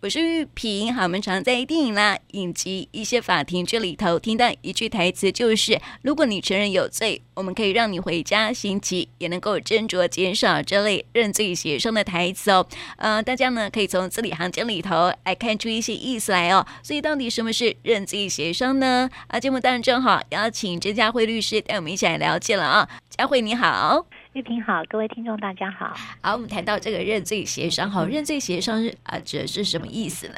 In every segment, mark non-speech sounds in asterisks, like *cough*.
我是玉萍。好，我們常在電影啦、影集、一些法庭劇裡頭聽到一句台詞就是：如果你承認有罪，我們可以讓你回家，刑期也能夠斟酌減少。這類認罪協商的台詞哦，呃，大家呢可以從字裡行間裡頭來看出一些意思來哦。所以到底什麼是認罪協商呢？啊，節目當中正好邀請鄭嘉慧律師帶我們一起來了解了啊、哦，嘉慧你好。玉萍好，各位聽眾大家好。好，我們談到這個認罪協商，好，認罪協商是啊指的是什麼意思呢？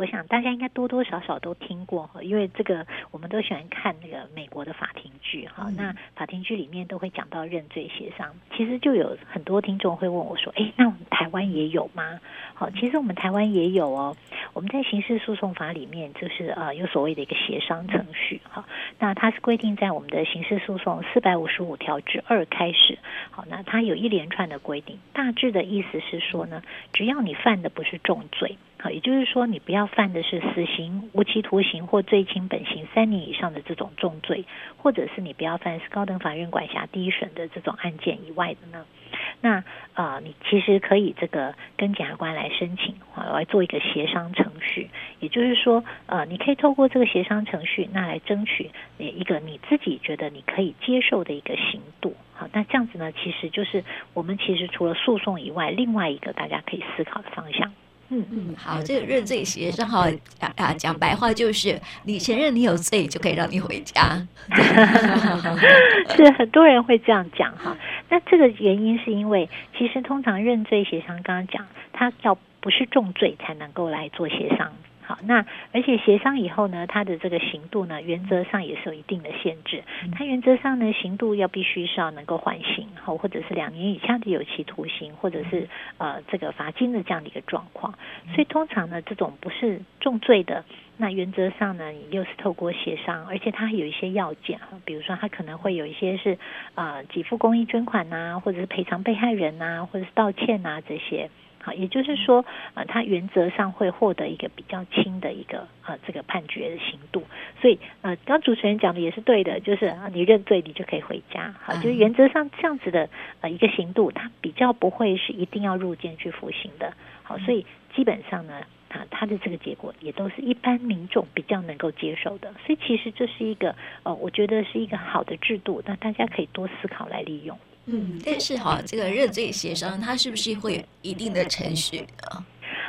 我想大家應該多多少少都聽過哈，因為這個我們都喜歡看那個美國的法庭劇哈。好，嗯。那法庭劇裡面都會講到認罪協商，其實就有很多聽眾會問我說：“誒，那我們台灣也有嗎？”好，其實我們台灣也有哦。我們在刑事訴訟法裡面就是呃有所謂的一個協商程序哈。那它是規定在我們的刑事訴訟四百五十五條之二開始。好，那它有一連串的規定，大致的意思是說呢，只要你犯的不是重罪。好，也就是說，你不要犯的是死刑、無期徒刑或最輕本刑三年以上的這種重罪，或者是你不要犯是高等法院管轄第一審的這種案件以外的呢，那呃，你其實可以這個跟檢察官來申請，啊，來做一個協商程序。也就是說，呃，你可以透過這個協商程序，那來爭取一一個你自己覺得你可以接受的一個刑度。好，那這樣子呢，其實就是我們其實除了訴訟以外，另外一個大家可以思考的方向。嗯嗯，好，這個認罪協商好，好、啊、講啊，講白話就是，你承認你有罪，就可以讓你回家。 *laughs* *laughs* 是很多人會這樣講哈。那這個原因是因為，其實通常認罪協商，剛剛講，他要不是重罪才能夠來做協商。好，那而且協商以後呢，他的這個刑度呢，原則上也是有一定的限制。他原則上呢，刑度要必須是要能夠緩刑，或者是兩年以下的有期徒刑，或者是呃這個罰金的這樣的一個狀況。所以通常呢，這種不是重罪的，那原則上呢，你又是透過協商，而且他還有一些要件哈，比如說他可能會有一些是呃給付公益捐款吶、啊，或者是賠償被害人吶、啊，或者是道歉吶、啊、這些。好，也就是說，呃，他原則上會獲得一個比較輕的一個呃這個判決的刑度，所以呃，剛主持人講的也是對的，就是啊，你認罪你就可以回家，好，嗯、就是原則上這樣子的呃一個刑度，他比較不會是一定要入監去服刑的，好，所以基本上呢，啊、呃，他的這個結果也都是一般民眾比較能夠接受的，所以其實這是一個呃，我覺得是一個好的制度，那大家可以多思考來利用。嗯，但是哈，這個認罪協商，它是不是會有一定的程序啊、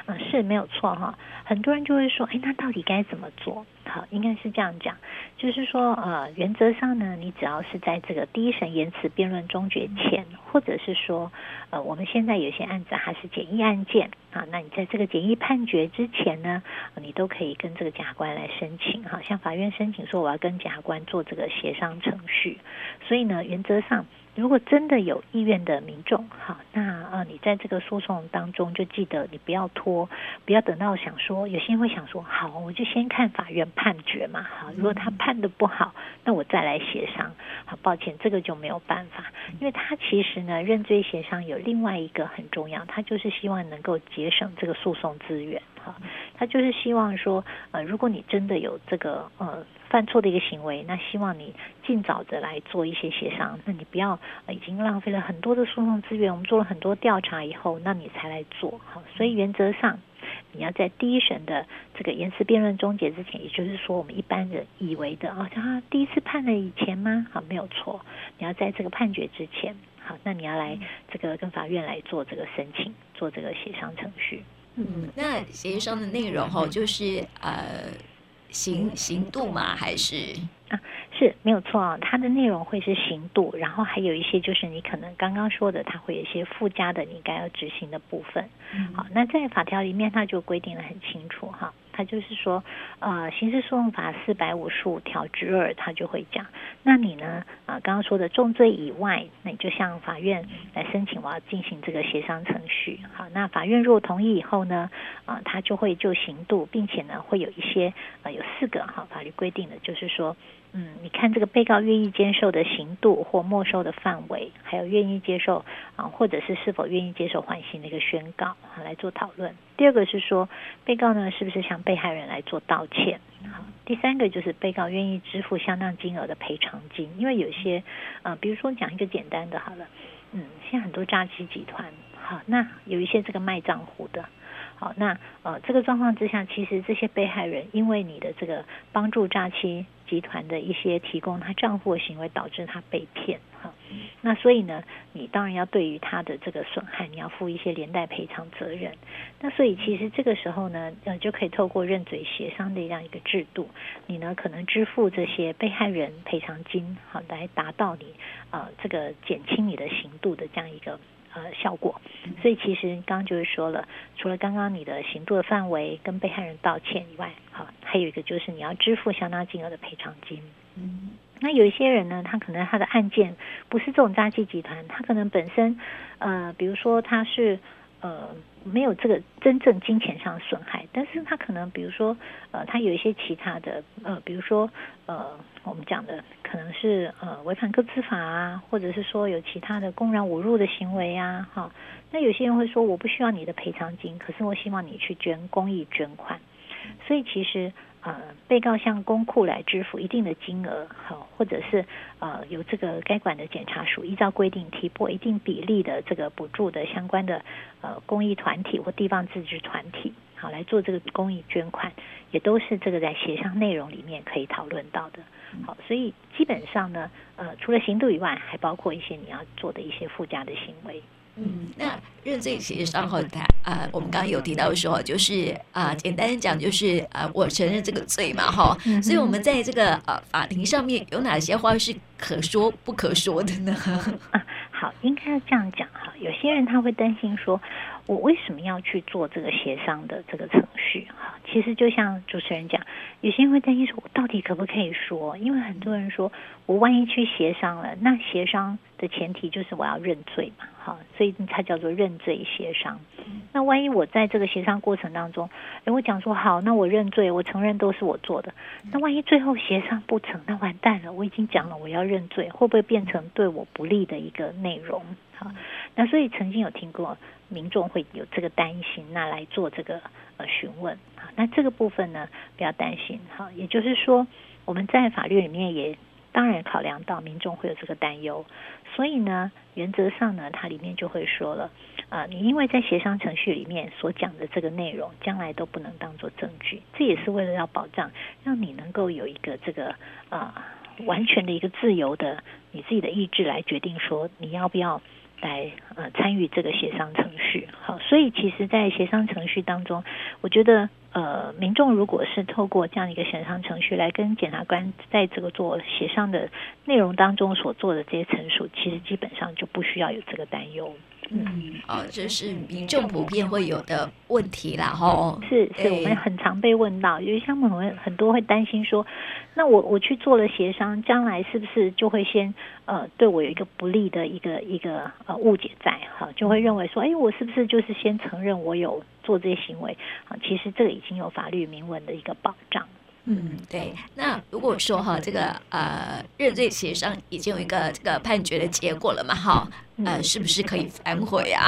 嗯？是沒有錯哈。很多人就會說，誒、欸，那到底該怎麼做？好，應該是這樣講，就是說，呃，原則上呢，你只要是在這個第一審言詞辯論終結前，嗯、或者是說，呃，我們現在有些案子還是簡易案件啊，那你在這個簡易判決之前呢，你都可以跟這個檢察官來申請，哈，向法院申請說我要跟檢察官做這個協商程序。所以呢，原則上。如果真的有意願的民眾，好，那啊、呃，你在這個訴訟當中就記得你不要拖，不要等到想說，有些人會想說，好，我就先看法院判決嘛，哈，如果他判得不好，那我再來協商。好，抱歉，這個就沒有辦法，因為他其實呢，認罪協商有另外一個很重要，他就是希望能夠節省這個訴訟資源，哈，他就是希望說，呃，如果你真的有這個，呃。犯錯的一個行為，那希望你盡早的來做一些協商，那你不要已經浪費了很多的訴訟資源。我們做了很多調查以後，那你才來做好。所以原則上，你要在第一審的這個言詞辯論終結之前，也就是說，我們一般人以為的啊，他、哦、第一次判了以前嗎？好，沒有錯，你要在這個判決之前，好，那你要來這個跟法院來做這個申請，做這個協商程序。嗯，嗯，那協商的內容哈，就是呃。刑刑度嗎？還是啊？是沒有錯啊，它的內容會是刑度，然後還有一些就是你可能剛剛說的，它會有一些附加的你該要執行的部分。嗯、好，那在法條裡面它就規定得很清楚哈。他就是說，呃，刑事訴訟法四百五十五條之二，他就會講，那你呢，啊、呃，剛剛說的重罪以外，那你就向法院來申請，我要進行這個協商程序。好，那法院如果同意以後呢，啊、呃，他就會就刑度，並且呢，會有一些，啊、呃，有四個哈、啊、法律規定的，就是說，嗯，你看這個被告願意接受的刑度或沒收的範圍，還有願意接受啊，或者是是否願意接受緩刑的一個宣告，啊，來做討論。第二個是說，被告呢，是不是想被害人來做道歉，好。第三個就是被告願意支付相當金額的賠償金，因為有些，呃，比如說講一個簡單的，好了，嗯，現在很多詐欺集團，好，那有一些這個賣賬戶的，好，那呃，這個狀況之下，其實這些被害人因為你的這個幫助詐欺。集團的一些提供他賬戶的行為，導致他被騙哈，那所以呢，你當然要對於他的這個損害，你要負一些連帶賠償責任。那所以其實這個時候呢，呃，就可以透過認罪協商的這樣一個制度，你呢可能支付這些被害人賠償金，好，來達到你啊，呃，這個減輕你的刑度的這樣一個。呃，效果。所以其實剛剛就是說了，除了剛剛你的行動的範圍跟被害人道歉以外，好、啊，還有一個就是你要支付相當金額的賠償金。嗯，那有一些人呢，他可能他的案件不是這種詐欺集團，他可能本身呃，比如說他是。呃，沒有這個真正金錢上的損害，但是他可能比如說，呃，他有一些其他的，呃，比如說，呃，我們講的可能是呃違反個資法啊，或者是說有其他的公然侮辱的行為啊。哈、哦，那有些人會說我不需要你的賠償金，可是我希望你去捐公益捐款，所以其實。呃，被告向公庫來支付一定的金額，好，或者是呃由這個該管的檢察署依照規定提撥一定比例的這個補助的相關的呃公益團體或地方自治團體，好來做這個公益捐款，也都是這個在協商內容裡面可以討論到的。好，所以基本上呢，呃，除了刑度以外，還包括一些你要做的一些附加的行為。嗯，那認罪其實上後臺，啊、呃，我們剛剛有提到說，就是啊、呃，簡單的講就是啊、呃，我承認這個罪嘛，哈，所以我們在這個啊法庭上面有哪些話是可說不可說的呢？啊、嗯，好、嗯，應該要這樣講哈，有些人他會擔心說。我為什麼要去做這個協商的這個程序？哈，其實就像主持人講，有些人會擔心說，我到底可不可以說？因為很多人說我萬一去協商了，那協商的前提就是我要認罪嘛，哈，所以它叫做認罪協商。那萬一我在這個協商過程當中，哎，我講說好，那我認罪，我承認都是我做的。那萬一最後協商不成，那完蛋了，我已經講了我要認罪，會不會變成對我不利的一個內容？那所以曾經有聽過民眾會有這個擔心，那來做這個呃詢問啊，那這個部分呢，不要擔心哈。也就是說我們在法律裡面也當然考量到民眾會有這個擔憂，所以呢原則上呢它裡面就會說了啊、呃，你因為在協商程序裡面所講的這個內容，將來都不能當做證據，這也是為了要保障讓你能夠有一個這個啊、呃、完全的一個自由的你自己的意志來決定說你要不要。來呃參與這個協商程序，好，所以其實，在協商程序當中，我覺得呃民眾如果是透過這樣一個協商程序來跟檢察官在這個做協商的內容當中所做的這些陳述，其實基本上就不需要有這個擔憂。嗯，嗯哦，這、就是民眾普遍會有的問題啦，哈。是是，我們很常被問到，因為像我們很多會擔心說，那我我去做了協商，將來是不是就會先呃對我有一個不利的一個一個呃誤解在，哈、呃，就會認為說，哎、呃，我是不是就是先承認我有做這些行為啊、呃？其實這個已經有法律明文的一個保障。嗯，對。那如果說哈，這個呃認罪協商已經有一個這個判決的結果了嘛？哈，呃，是不是可以反悔啊？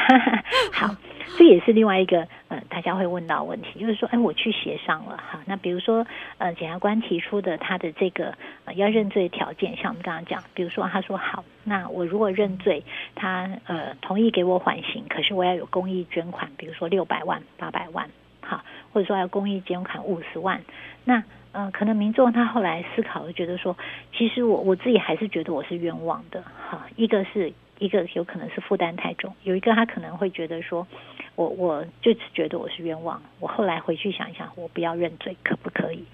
*laughs* 好，這也是另外一個呃大家會問到的問題，就是說，哎，我去協商了哈。那比如說呃，檢察官提出的他的這個、呃、要認罪條件，像我們剛剛講，比如說他說好，那我如果認罪，他呃同意給我緩刑，可是我要有公益捐款，比如說六百萬、八百萬。或者說要公益捐款五十萬，那呃可能民眾他後來思考會覺得說，其實我我自己還是覺得我是冤枉的，哈，一個是一個有可能是負擔太重，有一個他可能會覺得說，我我就只覺得我是冤枉，我後來回去想一想，我不要認罪可不可以？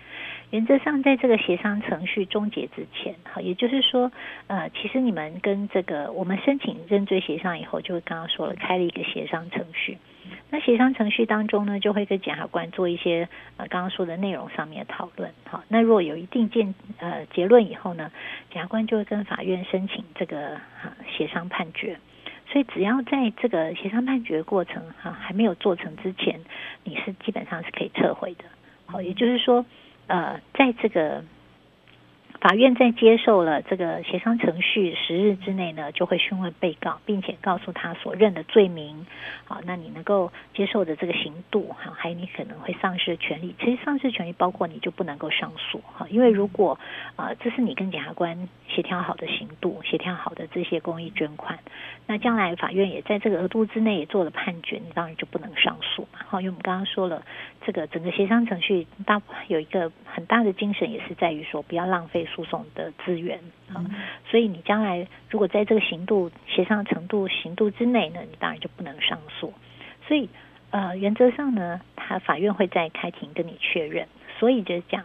原則上在這個協商程序終結之前，哈，也就是說呃其實你們跟這個我們申請認罪協商以後，就剛剛說了開了一個協商程序。那協商程序當中呢，就會跟檢察官做一些呃剛剛說的內容上面的討論，好、哦，那如果有一定見呃結論以後呢，檢察官就會跟法院申請這個、啊、協商判決，所以只要在這個協商判決過程哈、啊、還沒有做成之前，你是基本上是可以撤回的，好、哦，也就是說呃在這個。法院在接受了這個協商程序十日之內呢，就會訊問被告，並且告訴他所認的罪名。好，那你能夠接受的這個刑度，哈，還有你可能會喪失的權利。其實喪失權利包括你就不能夠上訴，哈，因為如果啊、呃，這是你跟檢察官協調好的刑度，協調好的這些公益捐款，那將來法院也在這個額度之內也做了判決，你當然就不能上訴嘛，哈。因為我們剛剛說了，這個整個協商程序大有一個很大的精神也是在於說，不要浪費。訴訟的資源啊，嗯、所以你將來如果在這個刑度協商程度刑度之內呢，你當然就不能上訴。所以呃，原則上呢，他法院會在開庭跟你確認。所以就是講，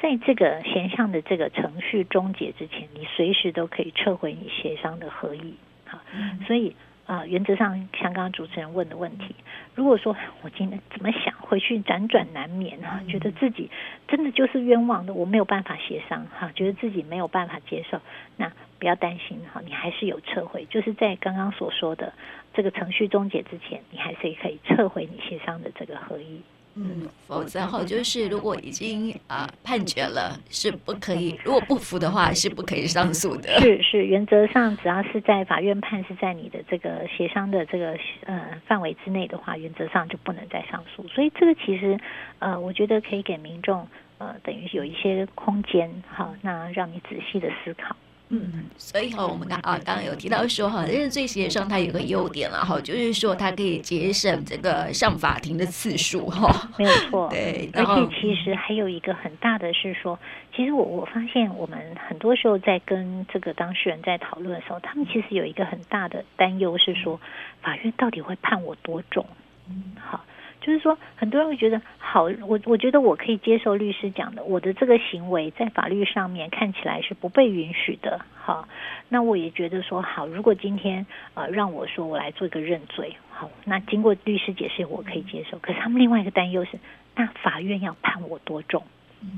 在這個嫌向的這個程序終結之前，你隨時都可以撤回你協商的合意。好、啊，嗯、所以啊、呃，原則上像剛剛主持人問的問題。如果說我今天怎麼想，回去輾轉，轉難眠啊，嗯、覺得自己真的就是冤枉的，我沒有辦法協商哈、啊，覺得自己沒有辦法接受，那不要擔心哈、啊，你還是有撤回，就是在剛剛所說的這個程序終結之前，你還是可以撤回你協商的這個合意。嗯，否則後就是如果已經啊、呃、判決了，是不可以；如果不服的話，是不可以上訴的。是是，原則上只要是在法院判是在你的這個協商的這個呃範圍之內的話，原則上就不能再上訴。所以這個其實呃，我覺得可以給民眾呃等於有一些空間好，那讓你仔細的思考。嗯，所以哈，我們剛剛有提到說哈，認罪協商它有個優點了哈，就是說它可以節省這個上法庭的次數哈，沒有錯。對，然後而且其實還有一個很大的是說，其實我我發現我們很多時候在跟這個當事人在討論的時候，他們其實有一個很大的擔憂是說，法院到底會判我多重？嗯，好。就是說，很多人會覺得好，我我覺得我可以接受律師講的，我的這個行為在法律上面看起來是不被允許的，好，那我也覺得說好，如果今天啊、呃、讓我說我來做一個認罪，好，那經過律師解釋我可以接受。可是他們另外一個擔憂是，那法院要判我多重？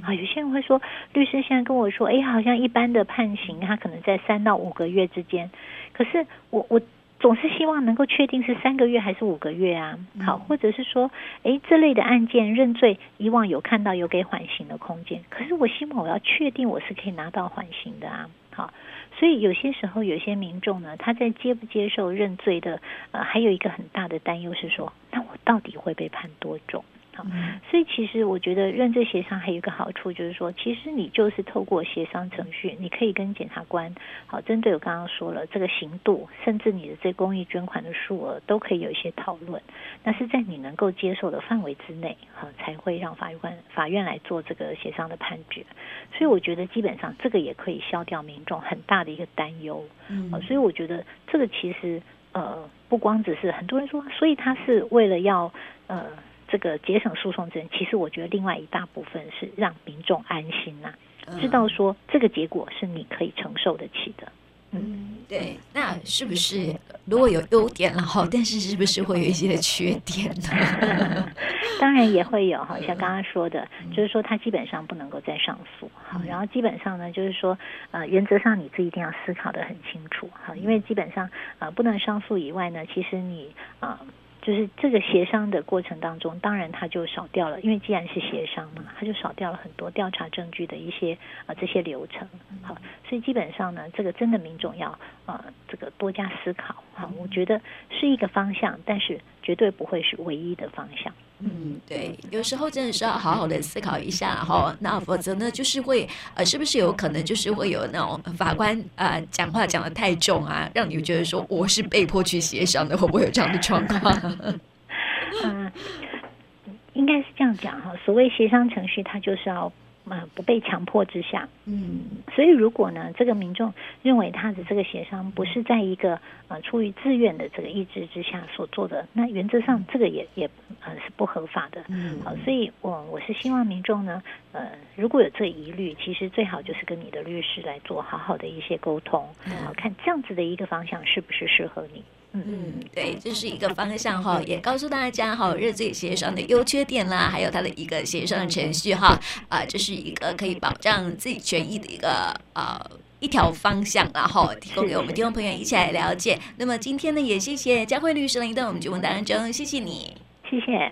啊、嗯，有些人會說，律師現在跟我說，哎、欸，好像一般的判刑他可能在三到五個月之間，可是我我。總是希望能夠確定是三個月還是五個月啊，好，或者是說，誒，這類的案件認罪，以往有看到有給緩刑的空間，可是我希望我要確定我是可以拿到緩刑的啊，好，所以有些時候有些民眾呢，他在接不接受認罪的，呃，還有一個很大的擔憂是說，那我到底會被判多重？好，所以其實我覺得認罪協商還有一個好處，就是說，其實你就是透過協商程序，你可以跟檢察官，好，針對我剛剛說了這個刑度，甚至你的這公益捐款的數額，都可以有一些討論，那是在你能夠接受的範圍之內，好，才會讓法官法院來做這個協商的判決。所以我覺得基本上這個也可以消掉民眾很大的一個擔憂，嗯，所以我覺得這個其實呃，不光只是很多人說，所以他是為了要呃。這個節省訴訟資源，其實我覺得另外一大部分是讓民眾安心吶、啊，嗯、知道說這個結果是你可以承受得起的。嗯，嗯對，那是不是如果有優點了哈？嗯、但是是不是會有一些缺點呢？當然也會有哈，好像剛剛說的，嗯、就是說他基本上不能夠再上訴哈。嗯、然後基本上呢，就是說呃，原則上你自己一定要思考得很清楚哈，因為基本上啊、呃，不能上訴以外呢，其實你啊。呃就是這個協商的過程當中，當然他就少掉了，因為既然是協商嘛，他就少掉了很多調查證據的一些啊這些流程，好，所以基本上呢，這個真的民眾要啊這個多加思考啊，我覺得是一個方向，但是絕對不會是唯一的方向。嗯，對，有時候真的是要好好的思考一下哈，那否則呢，就是會呃，是不是有可能就是會有那種法官啊、呃、講話講得太重啊，讓你覺得說我是被迫去協商的，會不會有這樣的狀況啊？ *laughs* 嗯，應該是這樣講哈，所謂協商程序，它就是要。嗯、呃，不被強迫之下，嗯，所以如果呢，這個民眾認為他的這個協商不是在一個呃出於自願的這個意志之下所做的，那原則上這個也也呃是不合法的，嗯，好、呃，所以我我是希望民眾呢，呃，如果有這疑慮，其實最好就是跟你的律師來做好好的一些溝通，嗯，好，看這樣子的一個方向是不是適合你。嗯對，這是一個方向哈，也告訴大家哈，認罪協商的優缺點啦，還有它的一個協商的程序哈，啊，這是一個可以保障自己權益的一個啊一條方向，然後提供給我們聽眾朋友一起來了解。是是，那麼今天呢，也謝謝佳慧律師來到我們節目當中，謝謝你，謝謝。